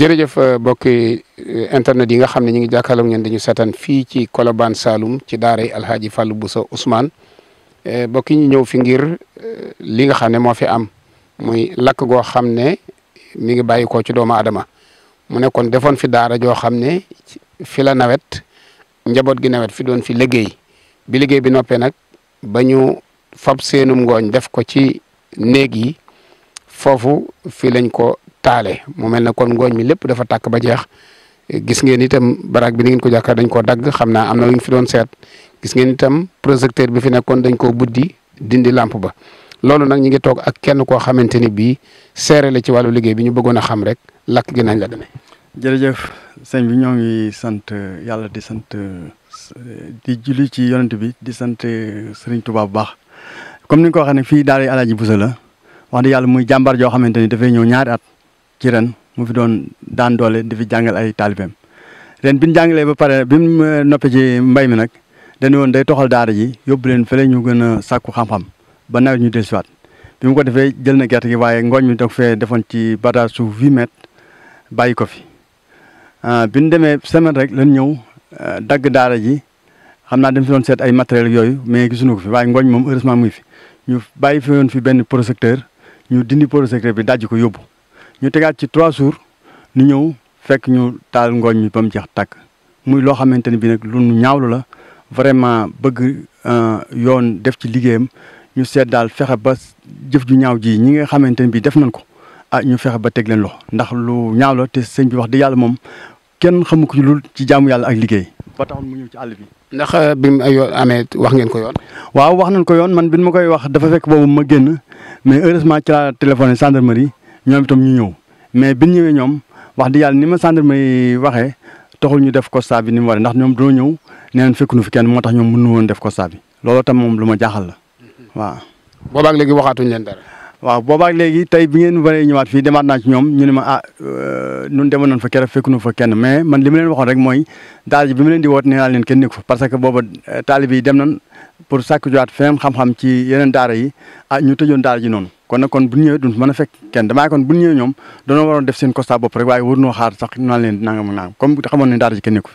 jërëjëf euh, mbokki euh, internet yi nga xam ne ñu ngi jàkkaarloog ñeen dañu seetaan fii ci Colobane saalum ci daaray Alhaaji Fallou Bousso Ousmane euh, mbokk yi ñu ñëw fi ngir li nga xam ne moo fi am muy lakk goo xam ne mi ngi bàyyi ko ci doomu adama mu nekkoon defoon fi daara joo xam ne fi la nawet njaboot gi nawet fi doon fi liggéey bi liggéey bi noppee nag bañu fab seenum ngooñ def ko ci néeg yi foofu fi lañ ko taale mu mel ne kon ngooñ mi lépp dafa tàkk ba jeex gis ngeen itam baraag bi ni ko jàkkaar dañ koo dagg xam naa am na lu ñu fi doon seet gis ngeen itam projecteur bi fi nekkoon dañ koo buddi dindi lampe ba loolu nag ñu ngi toog ak kenn koo xamante ni bii seere la ci wàllu liggéey bi ñu bëggoon a xam rek lakk gi nañ la demee. jërëjëf sëñ bi ñoo ngi sant yàlla di sant di julli ci yonent bi di sant Serigne Touba bu baax comme ni nga ko fii daal di Alaaji Bousso la wax dëgg yàlla muy jàmbaar joo xamante ni dafay ñëw ñaari at ci ren mu fi doon daan doole di fi jàngal ay taalibeem ren bi ñu jàngalee ba pare bi mu eh, noppee ci mbay mi nag dañu woon day toxal daara ji yóbbu leen fële ñu gën a sàkku xam-xam ba nawet ñu dellusiwaat bi mu ko defee jël na gerte gi waaye ngooñ mi da fee defoon ci bataas suuf huit mètres bàyyi ko fi ah, bi nu demee semaine rek lan ñëw eh, dagg daara ji xam naa dañ fi doon seet ay matériels yooyu mais gisuñu ko fi waaye ngooñ moom heureusement muy fi ñu bàyyi fi woon fi benn projecteur ñu dindi projecteur bi dajj ko yóbbu ñu tegaat ci trois jours nu ñëw fekk ñu taal ngooñ mi ba mu jeex tàkk muy loo xamante ne bi nag lu ñaaw ñaawlu la vraiment bëgg euh, yoon def ci liggéeyam ñu seet daal fexe ba jëf ju ñaaw ji ñi nga xamante ne bi def nañ ko ah ñu fexe ba teg leen loxo ndax lu ñaaw la te sëñ bi wax dëgg yàlla moom kenn xamu ko ci lul ci jaamu yàlla ak liggéey ba taxoon mu ñëw ci àll bi. ndax euh, bi mu amee wax ngeen ko yoon. waaw wax nañ ko yoon man bi ma koy wax dafa fekk boobu ma génn mais heureusement ci laa téléphoné gendarmerie ñoom itam ñu ñëw mais bi ñëwee ñoom wax di yàlla ni ma gendarmerie waxee taxul ñu def constat bi ni mu waree ndax ñoom doo ñëw nee nañ fekk nu fi kenn moo tax ñoom mënu woon def constat bi loolu tam moom lu ma jaaxal la waaw. boobaag léegi waxaatuñ leen dara. waaw boobaag léegi tey bi ngeen waree ñëwaat fii demaat ñoom ñu ne ma ah euh, ñun demoon nañ fa nu fa kenn mais man li ma waxoon rek mooy daal ji bi ma leen di woot nee leen kenn nekk parce que booba euh, taalibe yi dem nañ pour sàkku jowaat feneen xam-xam ci yeneen daara yi a ah, ñu tëjoon daara ji noonu kon nag kon bu ñëwee dun mën a fekk kenn damaa kon bu ñëwee ñoom dañoo waroon def seen constat bopp rek waaye war noo xaar sax naan leen nangam ak nangam comme xamoon ne daara ji kenn nekkul.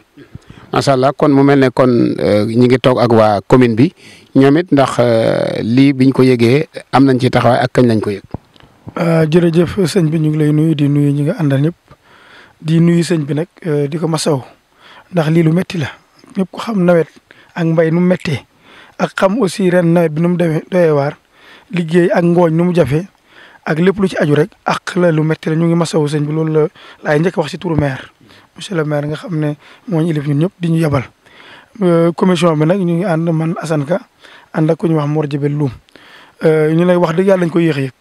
macha allah kon mu mel ne kon euh, ñi ngi toog ak waa commune bi ñoom it ndax euh, lii biñ ko yëgee am nañ ci taxawaay ak kañ lañ ko yëg. Euh, jërëjëf sëñ bi ñu ngi lay nuyu di nuyu ñi nga àndal ñëpp di nuyu sëñ bi nag di ko masaw ndax lii lu métti la ñëpp ko xam nawet ak mbay nu méttee ak xam aussi ren nawet bi nu mu demee doyee waar liggéey ak ngooñ nu mu jafe ak lépp lu ci aju rek ak la lu métti la ñu ngi masawu sëñ bi loolu la laay njëkk wax si turu maire monsieur le maire nga xam ne moo ñu ilif ñun ñëpp di ñu yebal. Euh, commission bi nag ñu ngi ànd man Assane Ka ànd ak ku ñu wax Mor Jabel Loum euh, ñun lay wax dëgg yàlla dañ ko yéex a yëg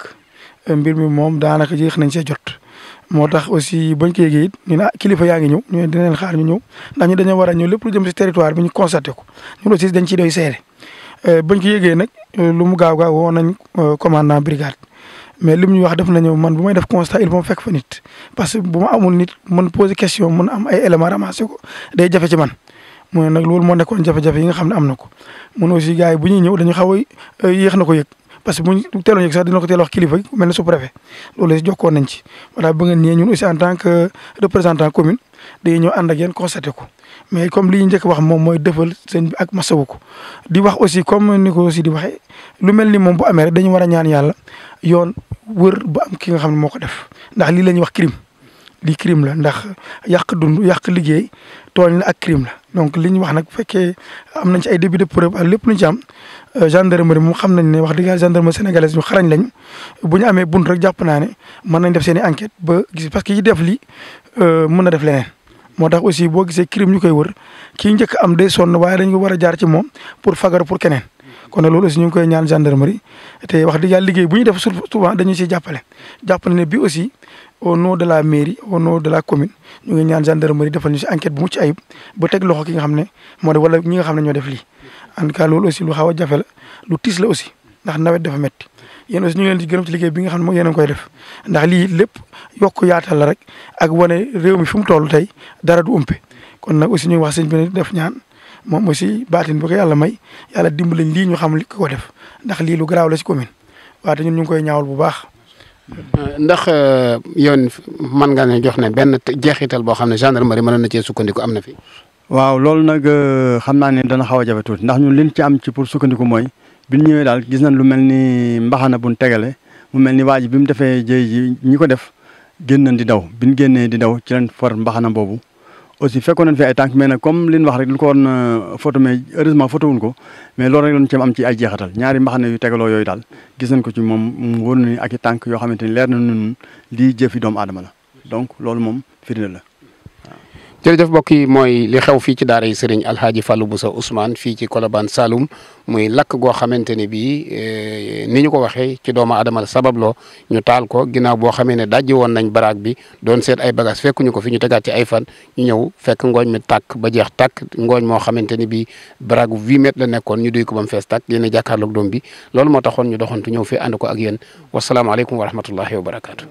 euh, mbir mi moom daanaka yéex nañ see jot. moo tax aussi bañ ko yëgee it ñu ne ah kilifa yaa ngi ñëw ñu ne dinañ xaar ñu ñu dañoo war a ñëw lu jëm bi ñu constaté ko ñun aussi dañ ciy doy seere Euh, bañ ko yegee nag euh, lu mu gaaw gaaw woo nañ euh, commandant brigade mais lim ñu wax def nañu man bu may def constat il faut fekk fa nit parce que bu ma amul nit mën poser question mën am ay éléments ramassé ko day jafe ci man. mooy nag loolu moo nekkoon jafe-jafe yi nga xam ne am na ko mun aussi gars yi bu ñuy ñëw dañu xaw a yéex na ko yëg parce que buñ teeloon yëg sax dina ko teel wax kilifa yi mel ne sous-préfet loolu la jokkoon nañ ci. voilà ba ngeen ñëwee ñun aussi tant que représentant commune ñëw ànd ak yéen constaté ko. mais comme li njëkk wax moom mooy dëfal sëñ bi ak masawu ko di wax aussi comme ni ko aussi di waxee lu mel ni moom bu amee rek dañu war a ñaan yàlla yoon wër ba am ki nga xam ne moo ko def ndax lii la ñuy wax crime lii crime la ndax yàq dund yàq liggéey tooñ la ak crime la donc li ñu wax nag bu fekkee am nañ ci ay début de preuve ak lépp lu ñu ci am euh, gendarmerie moom xam nañ ne wax dëgg yàlla gendarmerie sénégalaise ñu xarañ lañ bu ñu amee bunt rek jàpp naa ne mën nañ def seen i enquête ba gis parce que yi def lii euh, mën na def moo tax aussi boo gisee crime ñu koy wër kii njëkk am day sonn waaye dañ war a jaar ci moom pour fagar pour keneen kon nag loolu aussi ñu koy ñaan gendarmerie te wax dëgg yàlla liggéey bu ñu def souvent dañu siy jàppale jàppale ne bi aussi au nom de la mairie au nom de la commune ñu ngi ñaan gendarmerie defal ñu si enquête bu mucc ayib ba loxo ki nga xam ne moo def wala ñi nga xam ne ñoo def lii en tout cas loolu aussi lu xaw a jafe la lu tiis la aussi ndax nawet dafa métti yéen aussi ñu ngi leen di gërëm ci liggéey bi nga xam ne moom koy def ndax lii lépp yokk yaatal la rek ak wane réew mi fu mu toll tey dara du umpe kon nag aussi ñu wax sëñ bi ne def ñaan moom aussi baatin ba ko yàlla may yàlla dimbali lii ñu xam li ko def ndax lii lu garaaw la ci commune waaye te ñu ngi koy ñaawal bu baax. ndax euh, yoon mën nga ne jox ne benn jeexital boo xam ne gendarmerie mën na cee sukkandiku am na fi. waaw loolu nag euh, xam naa ne dana xaw a jafe tuuti ndax ñun liñ ci am ci pour sukkandiku mooy bi ñu ñëwee daal gis nañ lu mel ni mbaxana buñ tegale mu mel ni waa bi mu defee jëy ji ñi ko def génn nañ di daw bi ñu génnee di daw ci lañ for mbaxana boobu aussi fekkoon nañ fi ay tànk mais nag comme li ñu wax rek lu ko waroon euh, photo mais heureusement photo wuñ ko mais loolu rek lañ ci am ci ay jeexatal ñaari mbaxana yu tegaloo yooyu daal gis nañ ko ci moom mu wóor ni ak i tànk yoo xamante ni leer na nun lii jëfi doomu adama la donc loolu moom firnde la jërëjëf mbokk yi mooy li xew fii ci daara yi sëriñ Alhaaji Fallou Bousso Ousmane fii ci Colobane Saloum muy lakk goo xamante ne bii eh, ni ñu ko waxee ci doomu aadama la sababloo ñu taal ko ginaaw boo xamee ne dajji woon nañ baraag bi doon seet ay bagages fekkuñu ko fi ñu tegaat ci ay fan ñu ñëw fekk ngooñ mi tàkk ba jeex takk ngooñ moo xamante ne bii baraagu 8 mètres la nekkoon ñu duy ko ba mu fees tàkk yéen a jàkkaarloog doom bi loolu moo taxoon ñu doxantu ñëw fii ànd ko ak yéen wasalaamaaleykum wa rahmatullahi wa barakaatu.